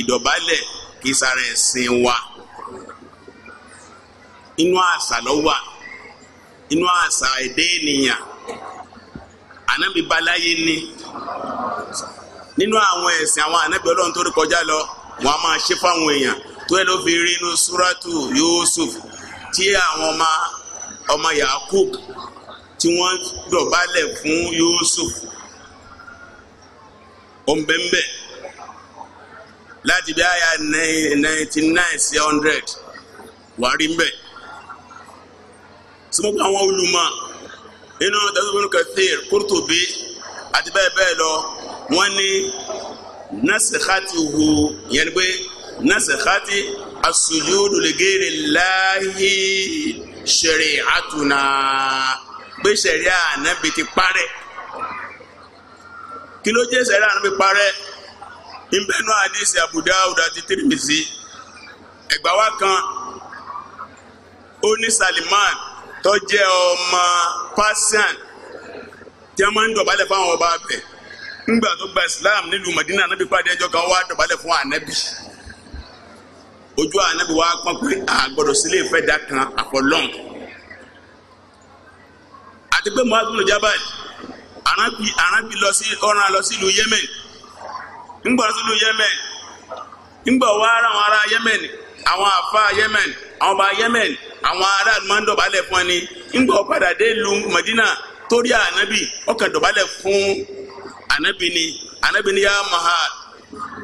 ìdọ̀bálẹ̀ kì í sára ẹ̀sìn wa inú àṣà lọ́wọ́ inú àṣà èdè ènìyàn balaye ni nínú àwọn ẹ̀sìn àwọn ànábì ọlọ́run tó rí kọjá lọ wọn a máa ṣe fáwọn èèyàn tó yẹ ló rí inú súrátù Yusuf láti bí àyà ninety nine sí hundred wà rí mbẹ sọmọgbà àwọn olùmọ nínú tẹsán Kathir Qurtubi àti bẹ́ẹ̀ bẹ́ẹ̀ lọ wọ́n ní nasikhatihu yẹn pé nasikhati as-sujudu li ghayri Allahi shari'atuna pé sẹ̀ríà ànábì ti parẹ́ kí ló jẹ́ sẹ̀ríà ànábì nbẹnu hadisi Abu Dawud àti Tirmidhi ẹgbà wa kan ó ní Salman tó jẹ́ ọmọ Persian tí a máa ń dọ̀bálẹ̀ tó gba Islam nílùú Madina anabi pàdé ẹjọ́ kan wá dọ̀bálẹ̀ fún anabi ojú anabi wa pọn pé àgbọ́dọ̀ sílé ìfẹ́ da kan àpọlọ́n àti pé muhammed jabal arabi lọ sí ọ̀ràn lọ Yemen ńgbà sulu yemen ńgbà wà ara àwọn ara yemen àwọn àfa yemen àwọn ọba yemen àwọn ara máa fún ẹni ńgbà ọ̀padà dé lu madina torí ànábì ọkàn dọ̀bálẹ̀ fún ànábì ni ànábì ya mahad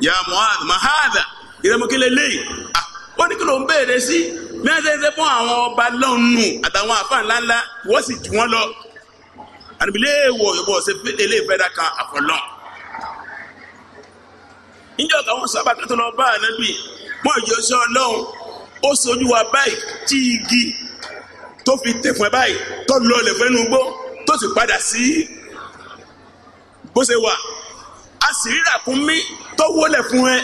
ya muhad mahada ìrẹ́mọ̀kẹ́lẹ́ lẹ́yìn ó ní kí ló ń sí mẹ́sẹ̀ẹ́sẹ́ fún ọba lọ́nù àtàwọn Afa, ńláńlá wọ́n sì jù wọ́n lọ ṣe fẹ́ níjọ́ káwọn sábà kátó lọ bá ànábì wọn yọ sí ọlọ́run ó sojú wa báyìí tí igi tó fi tẹ̀fún ẹ báyìí tó lọlẹ̀ fẹ́nu gbó tó sì padà sí bó ṣe wà a sì rírà fún mi tó wọlé fún ẹ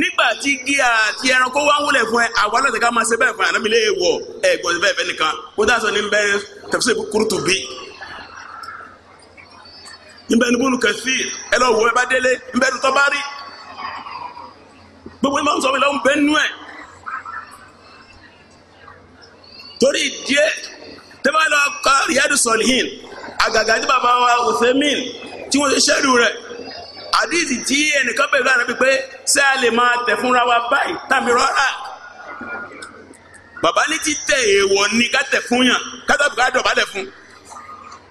nígbà tí igi àti ẹranko wá wọlé fún ẹ àwa láti ká máa ṣe bẹ́ẹ̀ fún ànábì lè wọ ẹ̀gbọ́n bẹ́ẹ̀ fẹ́ nìkan kó dáa sọ ní bẹ́ẹ̀ tẹ̀síṣẹ́ kúrútù bíi nbẹ ní bùnú kẹfì ẹ lọ wọ ẹ bá délé nbẹ ní tọ́bárì gbogbo ẹ máa ń sọ wípé ọ̀hún bẹ́ẹ̀ nú ẹ̀ torí ìdíyẹ tẹ́fà lọ ka Riyadu Solihin àgàgà tí bàbá wa Uthemin tí wọ́n ṣe ṣẹ́rù rẹ̀ àdìsí tí ẹnìkan bẹ̀rù lára pé ṣé a lè máa wa báyìí tàbí rọ́rà bàbá ní ti tẹ̀ èèwọ̀ ni ká tẹ̀ fún yàn ká tẹ̀ bùkátà fún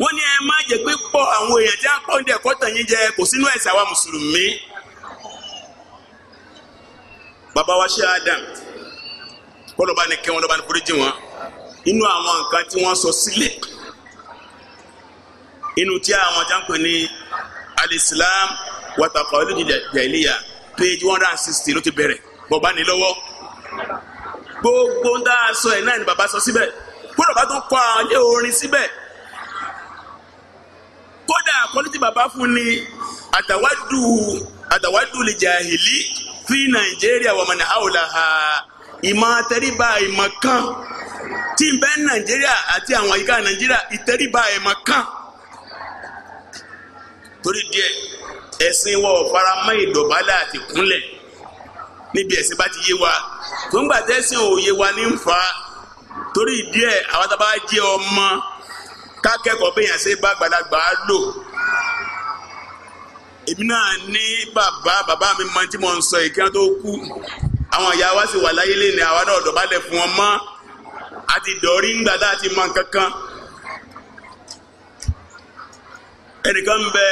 wọ́n ní ẹ má jẹ́ pé pọ̀ àwọn èèyàn tí a pọ̀ ń dẹ̀ kọ́ tàn yín jẹ kò sínú ẹ̀sìn àwa mùsùlùmí. bàbá wa ṣe Adam kọlọba ni kẹwọn lọba ni foríjì wọn inú àwọn nǹkan tí wọ́n sọ sílẹ̀ inú tí àwọn jáǹpẹ ní alisilam watakọ olùdíje jẹlíya page one hundred and sixty ló ti bẹ̀rẹ̀ bọba ní lọ́wọ́ gbogbo ń dá aṣọ ẹ náà ni bàbá sọ síbẹ̀ kọlọba tó kọ àwọn ilé orin síbẹ̀ àkọ́lé tí bàbá fún ni àtàwádù àtàwádù lè jàhìlì fi nàìjíríà wà mọ̀nà àwòlà ha ìmọ̀ àtẹríba ìmọ̀ kan tí ń bẹ Nigeria àti àwọn àyíká nàìjíríà ìtẹríba ìmọ̀ kan torí díẹ̀ ẹ̀sìn wọ faramọ́ ìdọ̀bálẹ̀ àti kúnlẹ̀ níbi ẹ̀sìn bá ti yé wa tó ń gbà tẹ́sìn òye wa ní ń fa torí díẹ̀ àwọn tábà jẹ́ ọmọ kákẹ́kọ̀ọ́ bẹ́yàn ṣe bá gbàdàgbà lò èmi náà ní bàbá bàbá mi máa tí mo ń sọ ìkíni tó kú àwọn ìyá wa sì wà láyé lè àwa náà dọ̀bálẹ̀ fún wọn mọ́ àti dọ̀rí ńgbà tá a ti mọ nǹkan ẹnìkan ń bẹ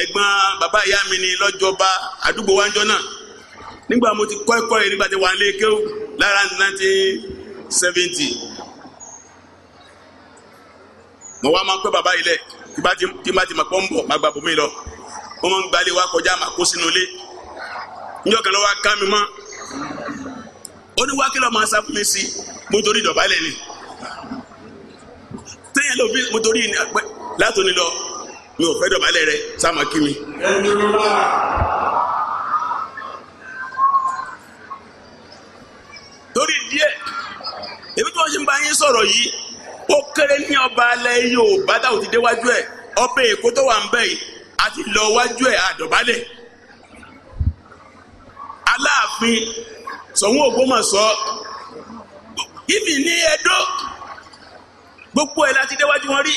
ẹ̀gbọ́n bàbá ìyá mi ni lọ́jọba àdúgbò wájọ náà nígbà mo ti kọ́ ẹ̀kọ́ yìí nígbà tí wà lé kéwù lára nineteen seventy mo wá máa ń pẹ́ bàbá yìí lẹ̀ tí bá ti mọ̀ pọ́ ń bọ̀ lọ wọ́n máa ń gbalé wa kọjá àmà kó sínú ilé níjọ́ kan lọ́wọ́ ká mi mọ́ ó ní wákìlọ̀ máa sá fún mi sí mo torí ìdọ̀bálẹ̀ ni téèyàn ló fi mo torí látòní lọ mi ò fẹ́ dọ̀bálẹ̀ rẹ sáà máa kí mi. torí díẹ̀ èmi tí wọ́n ṣe ń bá yín sọ̀rọ̀ yìí ó kéré ní ọba alẹ́ yìí ò bá táwọn ti déwájú ẹ̀ ọbẹ̀ èkó tó wà ń bẹ̀ yìí a ti lọ wájú ẹ̀ àdọ̀bálẹ̀ aláàfin Ṣọ̀ún Ògbómọ̀ṣọ́ ìmì ní Ẹdó gbogbo ẹ̀ láti déwájú wọn rí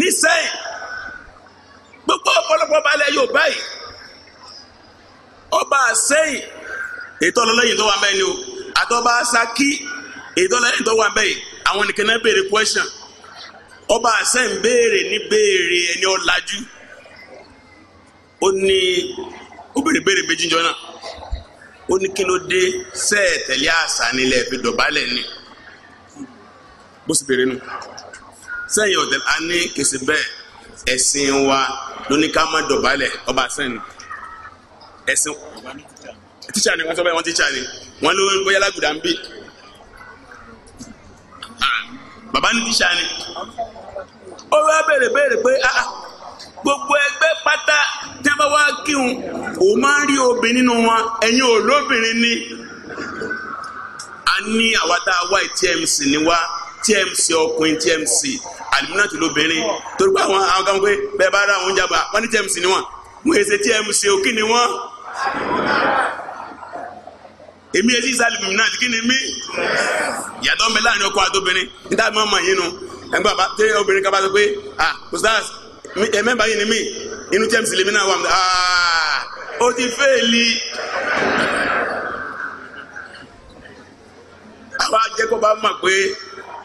ní sẹ́yìn gbogbo ọ̀pọ̀lọpọ̀ balẹ̀ yóò báyìí ọba sẹ́yìn ètò ọlọ́lẹ́yìn tó wà mẹ́rin o àtọ́ba Ṣakí ètò ọlọ́lẹ́yìn tó wà mẹ́rin àwọn nìkan náà béèrè question ọba àṣẹ ń béèrè ní béèrè ẹni ọ̀làjú ó ní ó béèrè béèrè méjì jọ náà ó ní kí ló dé sẹ́ẹ̀ tẹ̀lé àṣà nílẹ̀ fi dọ̀bálẹ̀ ni bó sì béèrè nù sẹ́yìn ọ̀tẹ̀ a ní kìsì bẹ́ẹ̀ ẹ̀sìn wa lóní ká má dọ̀bálẹ̀ ọba àṣẹ ni ẹ̀sìn tíṣà ni wọ́n sọ bẹ́ẹ̀ wọ́n tíṣà ni wọ́n ló ń bóyá lágùdà ń bì ah, bàbá ní tíṣà ni ó wá béèrè béèrè pé ah, ah, gbogbo ẹgbẹ́ pátá tí wọ́n bá wá kírun òun máa ń rí obìnrin nínú wọn ẹ̀yin ò lóbìnrin ni a ní àwa tá a wá TMC ni wá TMC ọkùnrin TMC àlùmínàtì lóbìnrin torí pé àwọn àwọn kan pé bẹ́ẹ̀ bá ra àwọn oúnjẹ àbá wọ́n ní TMC ni wọ́n wọ́n èsè TMC òkì ni wọ́n èmi èsì ìsàlùmínàtì kí ni mí ìyàtọ̀ ń bẹ láàrin ọkọ àtobìnrin níta mọ́ ọmọ yìí nu ẹ̀ ń bá tẹ obìnrin kan sọ pé ah ustaz ẹ mẹ́ba yìí ni mí inú tẹ́mísì lèmi náà wà mí ah ó ti fẹ́ẹ̀lì. àwa jẹ́kọ̀ọ́ bá mọ̀ pé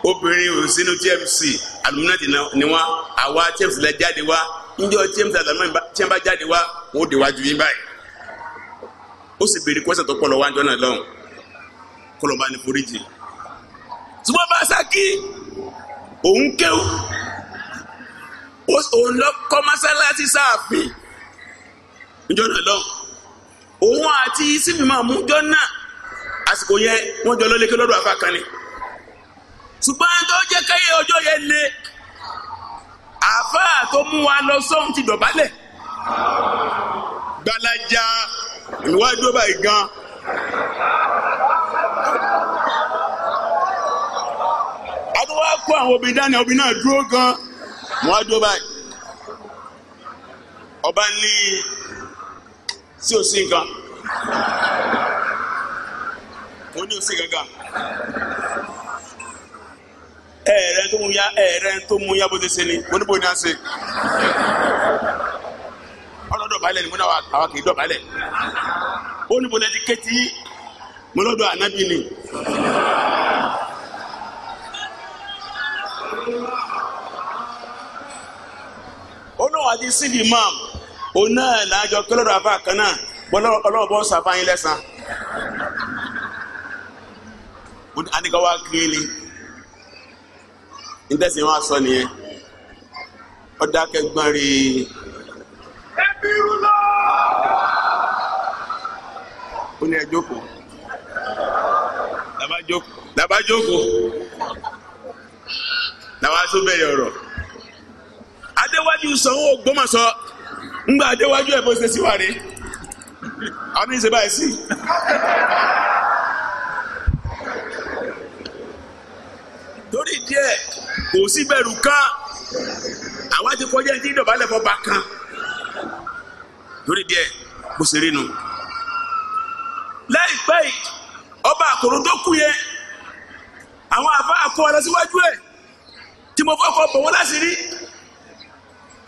obìnrin ò sínú tmc aluminati ni wọn àwa tmc la jáde wa njọ tmc aluminati tí wọn bá jáde wa wọn ò de wájú yín báyìí ó sì béèrè kọ́sẹ̀ tó pọ̀lọ̀ wájú náà lọ́hùn kọlọ̀ bá ní foríjì. ṣùgbọ́n bá sá kí òun kéwù òun lọ kọ́ mọ́sálásí sáàfin níjọ́ náà lọ òun àti síbi máa mú jọ́ náà àsìkò yẹn wọ́n jọ lọ́lẹ́kẹ́ lọ́dọ̀ àfa kan ni ṣùgbọ́n tó jẹ́ káyé ọjọ́ yẹn le àfa tó mú wa lọ sọ́hún ti dọ̀bálẹ̀ gbalaja ìwádìí ó báyìí gan-an. a tún wá kó àwọn obìnrin dání obìnrin náà dúró gan wọn á dúró báyìí ọba ní sí òsì nǹkan wọn ní òsì gàgà ẹ̀ẹ̀rẹ̀ tó mú ya ẹ̀ẹ̀rẹ̀ tó mú ya bó ti ṣe ni oníbo ni a ṣe ọlọ́dọ̀ balẹ̀ ni mo náà àwa kì í dọ̀ balẹ̀ oníbo lẹ́ti kẹ́tì mọ́lọ́dọ̀ ànábì ni. wájú sílì mọ́m òun náà lájọ kílódà àfa kan náà bọ́lọ́wọ́ bọ́ sàfà yín lẹ́sàn. anìkan wá kiri ni ní tẹ̀sí wọn sọ nìyẹn ọ̀dà kẹgbọ́n rí i. ẹbí rúlọ. ó ní ẹ jókòó làbá jókòó làbá jókòó làwọn aṣọ bẹ̀rẹ̀ ọ̀rọ̀ sanwó Ògbómọ̀ṣọ́ ńgbà déwájú ẹ̀ bó ṣe síwáre àmì ìṣe báyìí sí. torí díẹ̀ kò sí bẹ̀rù kan àwa ti kọjá ẹni tí ìdọ̀bálẹ̀ fọ́ bá kan torí díẹ̀ kò sí rínu. láìpẹ́ yìí ọba àkòrò tó kú yẹn àwọn àfa àkọ́ ọ lọ síwájú ẹ̀ tí mo fọ́ kọ́ bọ̀ wọ́n láti rí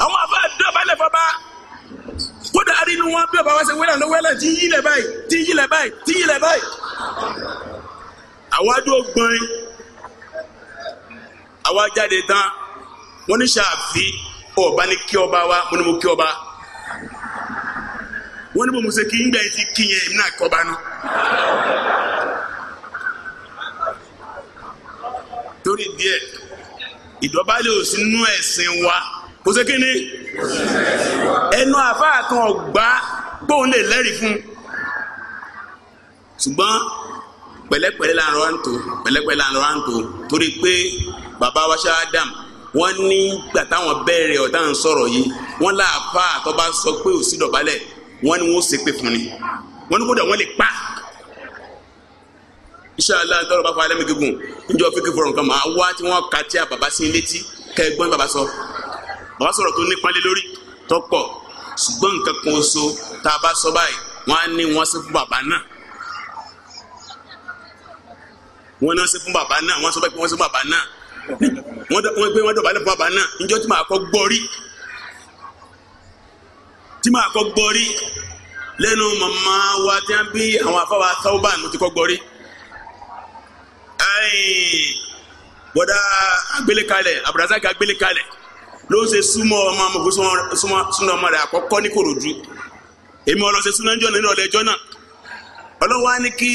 àwọn afẹ́ dọ̀bálẹ̀ fọba kódà arínú wọn bí ọba wa ṣe wẹ́lẹ̀ ló wẹ́lẹ̀ tí yílẹ̀ báyìí tí yílẹ̀ báyìí tí yílẹ̀ báyìí. àwájú ọgbọ́n àwa jáde tán wọ́n ní sàfi ọba ní kí ọba wa mo ní mo kí ọba wọ́n ní mo mùsẹ̀ kí n gbà yín ti kí yẹn èmi náà kí ọba nù. torí díẹ̀ ìdọ̀bálẹ̀ ò ẹ̀sìn wa kò sí kí ni ẹnu àfáà kan ọ̀gbá gbóhùn lè lẹ́rìí fún un ṣùgbọ́n pẹ̀lẹ́pẹ̀lẹ́ la rọra ń tó pẹ̀lẹ́pẹ̀lẹ́ la rọra ń tó torí pé bàbá wa ṣe Adam wọ́n ní gbà táwọn bẹ̀rẹ̀ ọ̀tá ń sọ̀rọ̀ yìí wọ́n láàfà tó bá sọ pé ò sí dọ̀bálẹ̀ wọ́n ní wọ́n ṣe pé fún ni wọ́n ní kódà wọ́n lè pa inṣàlá tọrọ bá fa alẹ́ mi gígùn níjọ́ fíkì fọ̀rọ̀ nǹkan máa wá tí wọ́n ka tí àwa sọ̀rọ̀ tó nípa lé lórí tọ́pọ̀ ṣùgbọ́n nǹkan kan oṣù tá a bá sọ báyìí wọ́n á ní wọ́n ṣe fún bàbá náà wọ́n náà ṣe fún bàbá náà wọ́n sọ báyìí pé wọ́n ṣe fún bàbá náà wọ́n gbé wọ́n dọ̀bálẹ̀ fún bàbá náà níjọ́ tí màá kọ́ gbọ́ rí tí màá kọ́ gbọ́ rí lẹ́nu màmá wa tí wọ́n bí àwọn afáwa sáwọ́bà ló ti kọ́ gbọ́ rí bọ́dá agbélékalẹ̀ abdulrasaq agbélékalẹ̀ ló ṣe súnmọ́ ọmọ amọ̀kú súnmọ́ ọmọ rẹ̀ àkọ́kọ́ ní kòròdú èmi ọlọ́sẹ̀ súnmọ́ ẹjọ́ nínú ọlẹ́jọ́ náà ọlọ́wọ́ á ní kí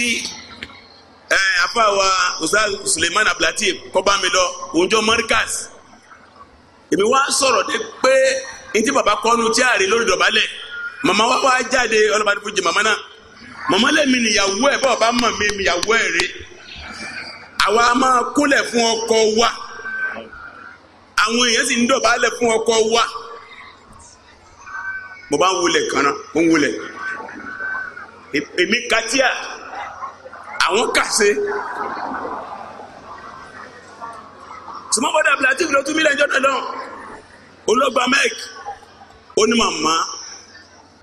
ẹ afáwa Ustaz Suleiman Abdulateef kọ́bá mi lọ òunjọ́ Markaz èmi wá sọ̀rọ̀ dé pé n tí baba kọ́nu tí a rí lórí dọ̀bálẹ̀ màmá wa wá jáde ọlọ́bàdàn fún jẹ màmá náà màmá lẹ́mi nìyàwó ẹ̀ bọ́ọ̀ bá mọ̀ mi nìyàwó ẹ̀ rè àwa máa kólẹ̀ fún ọkọ wa àwọn èèyàn sì ń dọ̀bálẹ̀ fún ọkọ wa mo bá ń wulẹ̀ kanna ń wulẹ̀ èmi katia àwọn kàṣe sọmọbọdà abdulatif ló tún mílẹ̀ ẹjọ́ náà lọ́wọ́ olóògbé amẹ́k ó ní màmá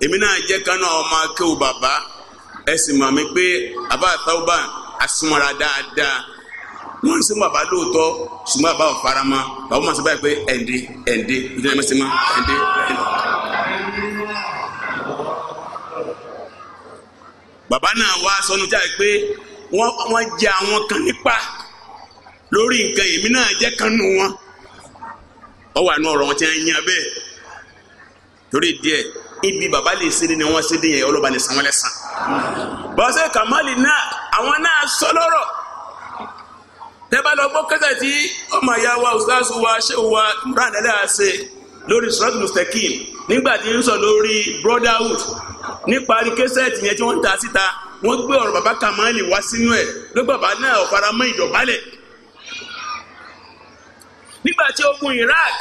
èmi náà jẹ́ kánà ọmọ akéwù bàbá ẹ sì mọ̀ mí pé àbá àtàwọn bá a súnmọ́ra dáadáa. wọ́n sì mọ̀ bá ṣùgbọ́n àbá wọn ma bàbá sọ báyìí pé ẹ̀ǹdé ẹ̀ǹdé ìdílé ẹ̀mẹ́sì bàbá náà wá sọnù jáde pé wọ́n jẹ àwọn kan nípa lórí nǹkan wọn ọ wà nù wọn yan torí ibi bàbá lè ṣe ni ṣe yẹn ní sanwó tẹ́bá lọ gbọ́ kẹ́sẹ̀ tí ọmọ ìyá wa ustaz wa ṣé wa imran ẹlẹ́yà ṣe lórí sọ́ọ̀tì mustaqim nígbà tí ń sọ lórí brotherhood níparí kẹ́sẹ̀ tì yẹn tí wọ́n ń ta síta wọ́n gbé ọ̀rọ̀ bàbá kamali wá sínú ẹ̀ ló bàbá náà ọ̀fara mọ́ ìdọ̀bálẹ̀ nígbà tí ogun Iraq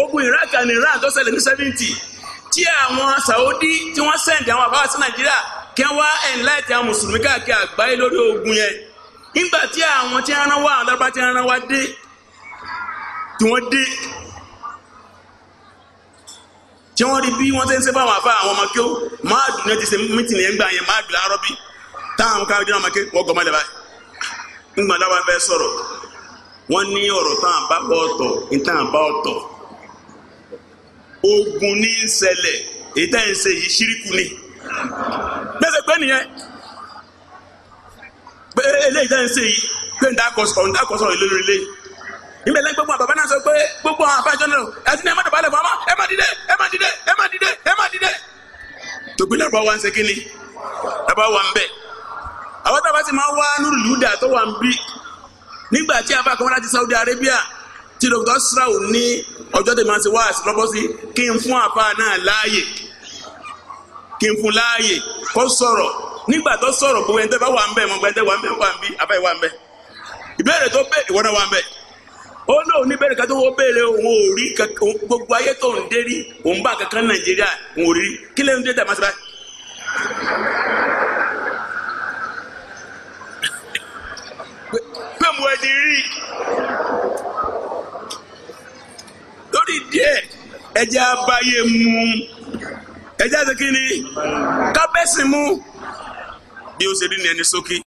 ogun Iraq and Iran tó ṣẹlẹ̀ ní seventy tí àwọn Saudi tí wọ́n sẹ̀ǹdì àwọn àbáwá sí Nàìjíríà kí wọ́n wá ẹ̀ ń àwọn mùsùlùmí káàkiri àgbáyé lórí ogun yẹn nígbà tí àwọn tí ara wa alábá tí ara wa dé tí wọ́n dé tí wọ́n rí bí wọ́n ṣe ń ṣe báwọn àfa àwọn ọmọ kí ó máa dùn náà ti ṣe mítìnì ẹ̀ ń gbà dùn láàárọ̀ bí táwọn káwọn jẹ́ ọmọ kí wọ́n gbọ́ mọ́lẹ̀ ńgbà dáwà fẹ́ sọ̀rọ̀ wọ́n ní táwọn bá bá ogun ní ń ṣẹlẹ̀ èyí tá ń ṣe yìí ṣíríkù ni gbèsè pé nìyẹn pé eléyìí lẹ́yìn sí i pé ń dákọ̀sọ̀ ń dákọ̀sọ̀ ìlérí ilé ìgbẹ́ lẹ́yìn gbogbo àbàbá náà sọ pé gbogbo àwọn afáàjọ náà àti ní ẹ má dọ̀bálẹ̀ fún ọmọ ẹ má dìde ẹ má dìde ẹ má dìde ẹ má dìde. tògbí lẹ́bàá wa ń ṣe kínni lẹ́bàá wa ń bẹ̀ àwọn tábà ti máa wá nùrùlùdà tó wà ń bí nígbà tí afa kan wá láti Saudi Arabia tí dr srau ní ọjọ́ tèmi àti wá àsìlọ́bọ́ sí kí n fún afa náà láàyè kí n fún láàyè kó sọ̀rọ̀ nígbà tó sọ̀rọ̀ gbogbo ẹni tẹ́ bá wà ń bẹ̀ mọ̀ gbẹ́ndẹ́ wà ń bẹ̀ wà ń bí abẹ́ wà ń bẹ̀ ìbéèrè tó bẹ̀ ìwọ náà wà ń bẹ̀ ó tó béèrè òun ò rí gbogbo ayé tó ń dérí òun bá kankan Nàìjíríà òun ò rí kí lẹ́nu dé dàmásí báyìí. pé mo ẹ lórí díẹ̀ mu ẹjẹ́ àti bí ó ṣe rí ni ẹni ṣókí